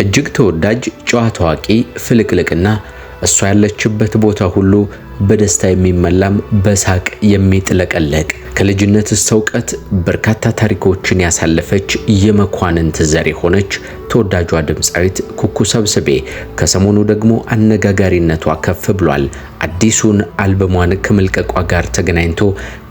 እጅግ ተወዳጅ፣ ጨዋ፣ ታዋቂ፣ ፍልቅልቅና እሷ ያለችበት ቦታ ሁሉ በደስታ የሚመላም በሳቅ የሚጥለቀለቅ ከልጅነት እስከ እውቀት በርካታ ታሪኮችን ያሳለፈች የመኳንንት ዘር የሆነች ተወዳጇ ድምፃዊት ኩኩ ሰብስቤ ከሰሞኑ ደግሞ አነጋጋሪነቷ ከፍ ብሏል። አዲሱን አልበሟን ከመልቀቋ ጋር ተገናኝቶ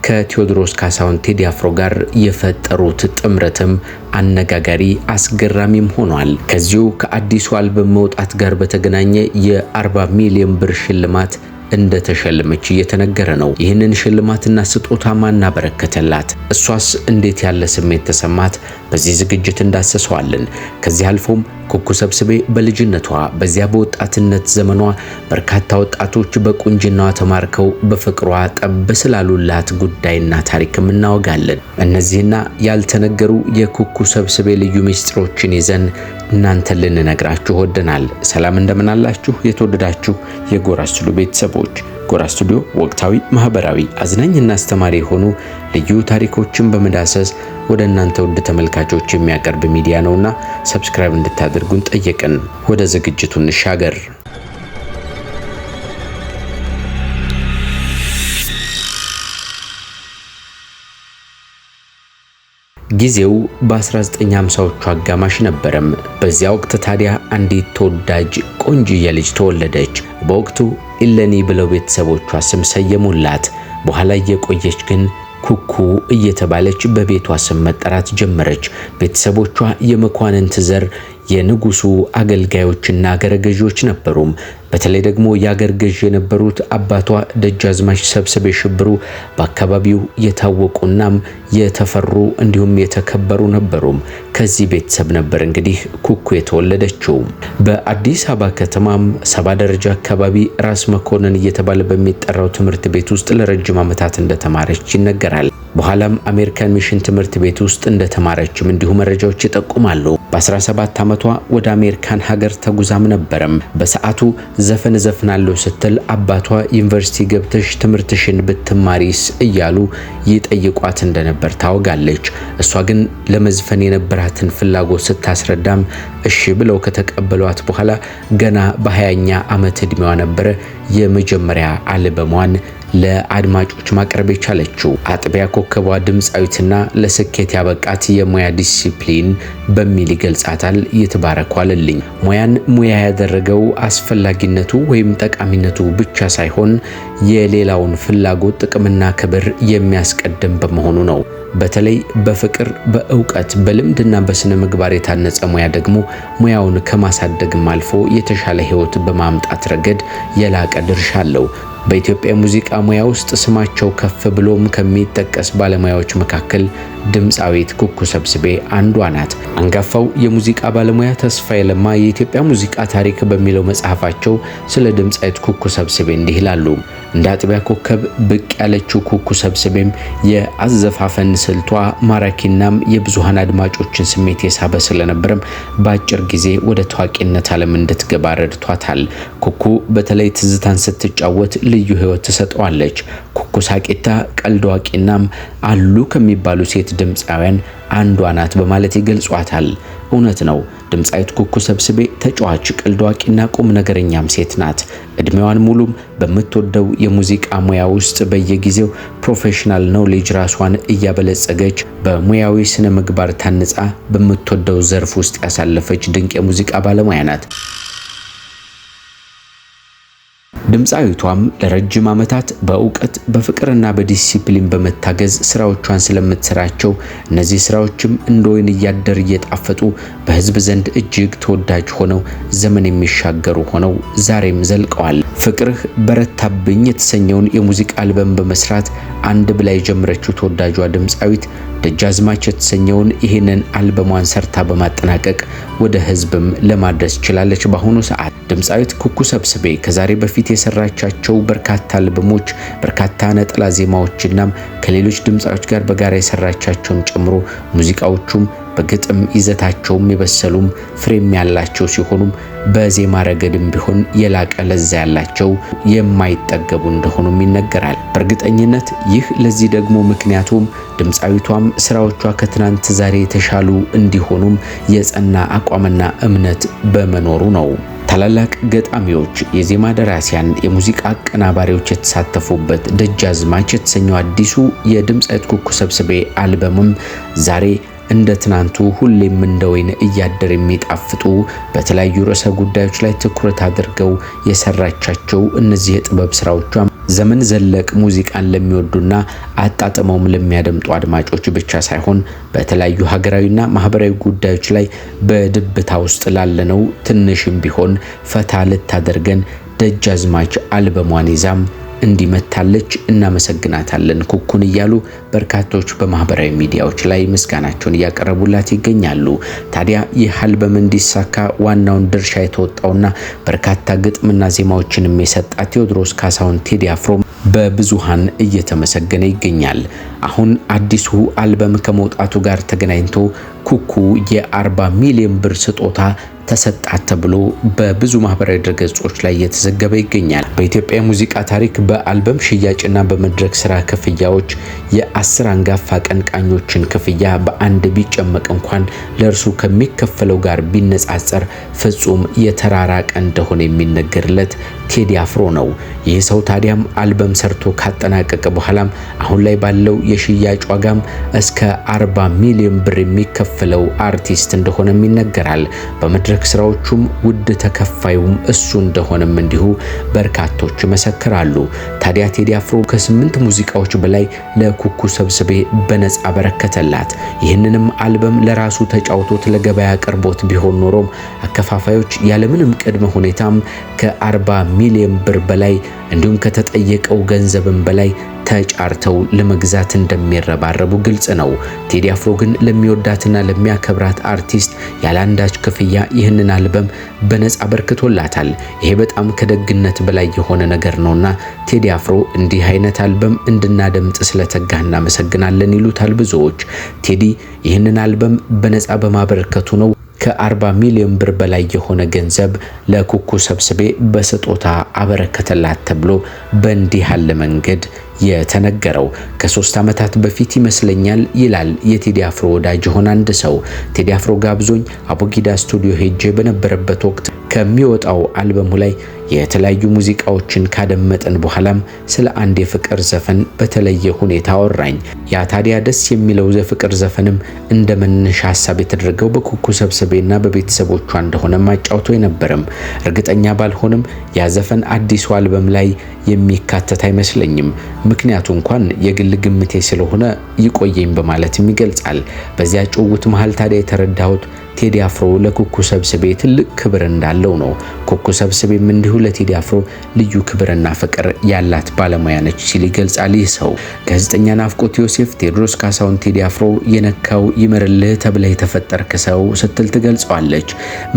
ከቴዎድሮስ ካሳሁን ቴዲ አፍሮ ጋር የፈጠሩት ጥምረትም አነጋጋሪ አስገራሚም ሆኗል። ከዚሁ ከአዲሱ አልበም መውጣት ጋር በተገናኘ የ40 ሚሊዮን ብር ሽልማት እንደተሸለመች እየተነገረ ነው። ይህንን ሽልማትና ስጦታ ማን አበረከተላት? እሷስ እንዴት ያለ ስሜት ተሰማት? በዚህ ዝግጅት እንዳሰሰዋለን። ከዚህ አልፎም ኩኩ ሰብስቤ በልጅነቷ በዚያ በወጣትነት ዘመኗ በርካታ ወጣቶች በቁንጅናዋ ተማርከው በፍቅሯ ጠብ ስላሉላት ጉዳይና ታሪክም እናወጋለን። እነዚህና ያልተነገሩ የኩኩ ሰብስቤ ልዩ ምስጢሮችን ይዘን እናንተን ልንነግራችሁ ወደናል። ሰላም እንደምናላችሁ የተወደዳችሁ የጎራ ስሉ ቤተሰቦች ጎራ ስቱዲዮ ወቅታዊ፣ ማህበራዊ፣ አዝናኝና አስተማሪ የሆኑ ልዩ ታሪኮችን በመዳሰስ ወደ እናንተ ውድ ተመልካቾች የሚያቀርብ ሚዲያ ነውና ሰብስክራይብ እንድታደርጉን ጠየቅን። ወደ ዝግጅቱ እንሻገር። ጊዜው በ1950ዎቹ አጋማሽ ነበረም። በዚያ ወቅት ታዲያ አንዲት ተወዳጅ ቆንጅዬ ልጅ ተወለደች። በወቅቱ ኢለኒ ብለው ቤተሰቦቿ ስም ሰየሙላት። በኋላ እየቆየች ግን ኩኩ እየተባለች በቤቷ ስም መጠራት ጀመረች። ቤተሰቦቿ የመኳንንት ዘር የንጉሱ አገልጋዮችና አገረ ነበሩ ነበሩም። በተለይ ደግሞ የአገር ገዥ የነበሩት አባቷ ደጃዝማች ሰብስቤ ሽብሩ በአካባቢው የታወቁናም የተፈሩ እንዲሁም የተከበሩ ነበሩም። ከዚህ ቤተሰብ ነበር እንግዲህ ኩኩ የተወለደችው። በአዲስ አበባ ከተማም ሰባ ደረጃ አካባቢ ራስ መኮንን እየተባለ በሚጠራው ትምህርት ቤት ውስጥ ለረጅም ዓመታት እንደተማረች ይነገራል። በኋላም አሜሪካን ሚሽን ትምህርት ቤት ውስጥ እንደተማረችም እንዲሁ መረጃዎች ይጠቁማሉ። በ17 ዓመቷ ወደ አሜሪካን ሀገር ተጉዛም ነበረም። በሰዓቱ ዘፈን ዘፍናለሁ ስትል አባቷ ዩኒቨርሲቲ ገብተሽ ትምህርትሽን ብትማሪስ እያሉ ይጠይቋት እንደነበር ታወጋለች። እሷ ግን ለመዝፈን የነበራትን ፍላጎት ስታስረዳም እሺ ብለው ከተቀበሏት በኋላ ገና በሀያኛ ዓመት ዕድሜዋ ነበረ የመጀመሪያ አልበሟን ለአድማጮች ማቅረብ የቻለችው አጥቢያ ኮከቧ ድምፃዊትና ለስኬት ያበቃት የሙያ ዲሲፕሊን በሚል ይገልጻታል። እየተባረኩ አለልኝ። ሙያን ሙያ ያደረገው አስፈላጊነቱ ወይም ጠቃሚነቱ ብቻ ሳይሆን የሌላውን ፍላጎት ጥቅምና ክብር የሚያስቀድም በመሆኑ ነው። በተለይ በፍቅር፣ በእውቀት፣ በልምድና በስነ ምግባር የታነጸ ሙያ ደግሞ ሙያውን ከማሳደግም አልፎ የተሻለ ህይወት በማምጣት ረገድ የላቀ ድርሻ አለው። በኢትዮጵያ ሙዚቃ ሙያ ውስጥ ስማቸው ከፍ ብሎም ከሚጠቀስ ባለሙያዎች መካከል ድምፃዊት ኩኩ ሰብስቤ አንዷ ናት። አንጋፋው የሙዚቃ ባለሙያ ተስፋዬ ለማ የኢትዮጵያ ሙዚቃ ታሪክ በሚለው መጽሐፋቸው ስለ ድምፃዊት ኩኩ ሰብስቤ እንዲህ ይላሉ። እንደ አጥቢያ ኮከብ ብቅ ያለችው ኩኩ ሰብስቤም የአዘፋፈን ስልቷ ማራኪናም የብዙሃን አድማጮችን ስሜት የሳበ ስለነበረም በአጭር ጊዜ ወደ ታዋቂነት ዓለም እንድትገባ ረድቷታል። ኩኩ በተለይ ትዝታን ስትጫወት ልዩ ህይወት ትሰጠዋለች። ኩኩ ሳቂታ ቀልድ አዋቂናም አሉ ከሚባሉ ሴት ድምፃውያን አንዷ ናት በማለት ይገልጿታል። እውነት ነው። ድምፃዊት ኩኩ ሰብስቤ ተጫዋች፣ ቀልድ አዋቂና ቁም ነገረኛም ሴት ናት። እድሜዋን ሙሉም በምትወደው የሙዚቃ ሙያ ውስጥ በየጊዜው ፕሮፌሽናል ኖሌጅ ራሷን እያበለጸገች በሙያዊ ስነ ምግባር ታንጻ በምትወደው ዘርፍ ውስጥ ያሳለፈች ድንቅ የሙዚቃ ባለሙያ ናት። ድምፃዊቷም ለረጅም ዓመታት በእውቀት በፍቅርና በዲሲፕሊን በመታገዝ ስራዎቿን ስለምትሰራቸው እነዚህ ስራዎችም እንደ ወይን እያደር እየጣፈጡ በህዝብ ዘንድ እጅግ ተወዳጅ ሆነው ዘመን የሚሻገሩ ሆነው ዛሬም ዘልቀዋል። ፍቅርህ በረታብኝ የተሰኘውን የሙዚቃ አልበም በመስራት አንድ ብላ የጀመረችው ተወዳጇ ድምፃዊት ደጃዝማች የተሰኘውን ይህንን አልበሟን ሰርታ በማጠናቀቅ ወደ ህዝብም ለማድረስ ችላለች። በአሁኑ ሰዓት ድምፃዊት ኩኩ ሰብስቤ ከዛሬ በፊት የሰራቻቸው በርካታ አልበሞች፣ በርካታ ነጠላ ዜማዎችና ከሌሎች ድምፃዎች ጋር በጋራ የሰራቻቸውን ጨምሮ ሙዚቃዎቹም በግጥም ይዘታቸውም የበሰሉም ፍሬም ያላቸው ሲሆኑም በዜማ ረገድም ቢሆን የላቀ ለዛ ያላቸው የማይጠገቡ እንደሆኑም ይነገራል። በእርግጠኝነት ይህ ለዚህ ደግሞ ምክንያቱም ድምፃዊቷም ስራዎቿ ከትናንት ዛሬ የተሻሉ እንዲሆኑም የጸና አቋምና እምነት በመኖሩ ነው። ታላላቅ ገጣሚዎች፣ የዜማ ደራሲያን፣ የሙዚቃ አቀናባሪዎች የተሳተፉበት ደጃዝማች የተሰኘው አዲሱ የድምፃዊት ኩኩ ሰብስቤ አልበምም ዛሬ እንደ ትናንቱ ሁሌም እንደ ወይን እያደር የሚጣፍጡ በተለያዩ ርዕሰ ጉዳዮች ላይ ትኩረት አድርገው የሰራቻቸው እነዚህ የጥበብ ስራዎቿ ዘመን ዘለቅ ሙዚቃን ለሚወዱና አጣጥመውም ለሚያደምጡ አድማጮች ብቻ ሳይሆን በተለያዩ ሀገራዊና ማህበራዊ ጉዳዮች ላይ በድብታ ውስጥ ላለነው ትንሽም ቢሆን ፈታ ልታደርገን ደጃዝማች አልበሟን ይዛም እንዲመታለች እናመሰግናታለን ኩኩን እያሉ በርካቶች በማህበራዊ ሚዲያዎች ላይ ምስጋናቸውን እያቀረቡላት ይገኛሉ። ታዲያ ይህ አልበም እንዲሳካ ዋናውን ድርሻ የተወጣውና በርካታ ግጥምና ዜማዎችንም የሰጣ ቴዎድሮስ ካሳሁን ቴዲ አፍሮ በብዙሃን እየተመሰገነ ይገኛል። አሁን አዲሱ አልበም ከመውጣቱ ጋር ተገናኝቶ ኩኩ የ40 ሚሊዮን ብር ስጦታ ተሰጣት ተብሎ በብዙ ማህበራዊ ድረገጾች ላይ እየተዘገበ ይገኛል። በኢትዮጵያ የሙዚቃ ታሪክ በአልበም ሽያጭና በመድረክ ስራ ክፍያዎች የአስር አንጋፋ ቀንቃኞችን ክፍያ በአንድ ቢጨመቅ እንኳን ለእርሱ ከሚከፈለው ጋር ቢነጻጸር ፍጹም የተራራቀ እንደሆነ የሚነገርለት ቴዲ አፍሮ ነው። ይህ ሰው ታዲያም አልበም ሰርቶ ካጠናቀቀ በኋላም አሁን ላይ ባለው የሽያጭ ዋጋም እስከ 40 ሚሊዮን ብር የሚከፈለው አርቲስት እንደሆነም ይነገራል። በመድረክ የመድረክ ስራዎቹም ውድ ተከፋዩም እሱ እንደሆነም እንዲሁ በርካቶች መሰክራሉ። ታዲያ ቴዲ አፍሮ ከስምንት ሙዚቃዎች በላይ ለኩኩ ሰብስቤ በነፃ በረከተላት። ይህንንም አልበም ለራሱ ተጫውቶት ለገበያ አቅርቦት ቢሆን ኖሮም አከፋፋዮች ያለምንም ቅድመ ሁኔታም ከ40 ሚሊዮን ብር በላይ እንዲሁም ከተጠየቀው ገንዘብም በላይ ተጫርተው ለመግዛት እንደሚረባረቡ ግልጽ ነው። ቴዲ አፍሮ ግን ለሚወዳትና ለሚያከብራት አርቲስት ያለአንዳች ክፍያ ይህንን አልበም በነጻ አበርክቶላታል። ይሄ በጣም ከደግነት በላይ የሆነ ነገር ነውና ቴዲ አፍሮ እንዲህ አይነት አልበም እንድናደምጥ ስለተጋ እናመሰግናለን ይሉታል ብዙዎች። ቴዲ ይህንን አልበም በነጻ በማበረከቱ ነው ከ40 ሚሊዮን ብር በላይ የሆነ ገንዘብ ለኩኩ ሰብስቤ በስጦታ አበረከተላት ተብሎ በእንዲህ ያለ መንገድ የተነገረው። ከሶስት ዓመታት በፊት ይመስለኛል ይላል የቴዲ አፍሮ ወዳጅ የሆነ አንድ ሰው። ቴዲ አፍሮ ጋብዞኝ አቡጊዳ ስቱዲዮ ሄጄ በነበረበት ወቅት ከሚወጣው አልበሙ ላይ የተለያዩ ሙዚቃዎችን ካደመጠን በኋላም ስለ አንድ የፍቅር ዘፈን በተለየ ሁኔታ አወራኝ። ያ ታዲያ ደስ የሚለው የፍቅር ዘፈንም እንደ መነሻ ሀሳብ የተደረገው በኩኩ ሰብስቤና በቤተሰቦቿ እንደሆነ አጫውቶ የነበረም። እርግጠኛ ባልሆንም ያ ዘፈን አዲሱ አልበም ላይ የሚካተት አይመስለኝም። ምክንያቱ እንኳን የግል ግምቴ ስለሆነ ይቆየኝ በማለትም ይገልጻል። በዚያ ጭውውት መሃል ታዲያ የተረዳሁት ቴዲ አፍሮ ለኩኩ ሰብስቤ ትልቅ ክብር እንዳለው ነው። ኩኩ ሰብስቤም እንዲሁ ለቴዲ አፍሮ ልዩ ክብርና ፍቅር ያላት ባለሙያ ነች ሲል ይገልጻል። ይህ ሰው ጋዜጠኛ ናፍቆት ዮሴፍ ቴዎድሮስ ካሳሁን ቴዲ አፍሮ የነካው ይምርልህ ተብለህ የተፈጠርክ ሰው ስትል ትገልጸዋለች።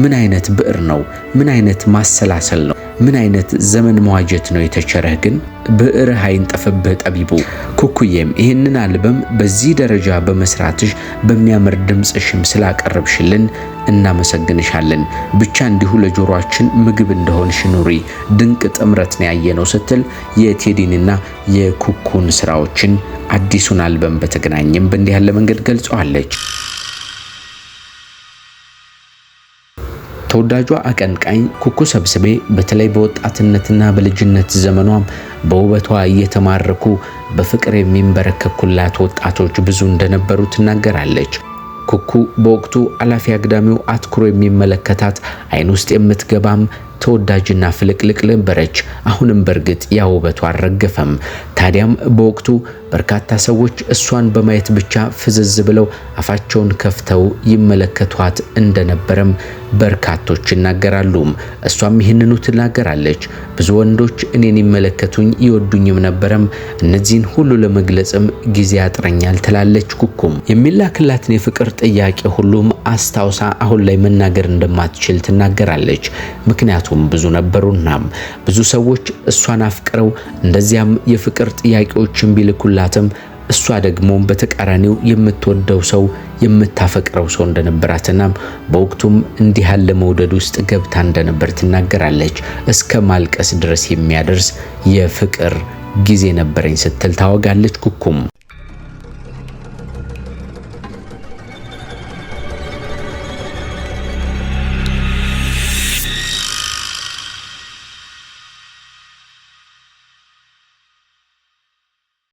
ምን አይነት ብዕር ነው! ምን አይነት ማሰላሰል ነው! ምን አይነት ዘመን መዋጀት ነው የተቸረህ ግን ብዕርህ አይንጠፍብህ ጠቢቡ። ኩኩዬም ይህንን አልበም በዚህ ደረጃ በመስራትሽ በሚያምር ድምፅሽም ስላቀረብሽልን እናመሰግንሻለን። ብቻ እንዲሁ ለጆሮአችን ምግብ እንደሆንሽ ኑሪ። ድንቅ ጥምረት ነው ያየነው ስትል የቴዲንና የኩኩን ስራዎችን አዲሱን አልበም በተገናኘም በእንዲህ ያለ መንገድ ገልጸዋለች። ተወዳጇ አቀንቃኝ ኩኩ ሰብስቤ በተለይ በወጣትነትና በልጅነት ዘመኗም በውበቷ እየተማረኩ በፍቅር የሚንበረከኩላት ወጣቶች ብዙ እንደነበሩ ትናገራለች። ኩኩ በወቅቱ አላፊ አግዳሚው አትኩሮ የሚመለከታት አይን ውስጥ የምትገባም ተወዳጅና ፍልቅልቅ ነበረች። አሁንም በእርግጥ ያ ውበቷ አልረገፈም። ታዲያም በወቅቱ በርካታ ሰዎች እሷን በማየት ብቻ ፍዝዝ ብለው አፋቸውን ከፍተው ይመለከቷት እንደነበረም በርካቶች ይናገራሉ። እሷም ይህንኑ ትናገራለች። ብዙ ወንዶች እኔን ይመለከቱኝ ይወዱኝም ነበረም፣ እነዚህን ሁሉ ለመግለጽም ጊዜ ያጥረኛል ትላለች። ኩኩም የሚላክላትን የፍቅር ጥያቄ ሁሉም አስታውሳ አሁን ላይ መናገር እንደማትችል ትናገራለች። ምክንያቱም ብዙ ነበሩና ብዙ ሰዎች እሷን አፍቅረው እንደዚያም የፍቅር ጥያቄዎችን ቢልኩላት ቢላትም እሷ ደግሞ በተቃራኒው የምትወደው ሰው የምታፈቅረው ሰው እንደነበራትና በወቅቱም እንዲህ ያለ መውደድ ውስጥ ገብታ እንደነበር ትናገራለች። እስከ ማልቀስ ድረስ የሚያደርስ የፍቅር ጊዜ ነበረኝ ስትል ታወጋለች። ኩኩም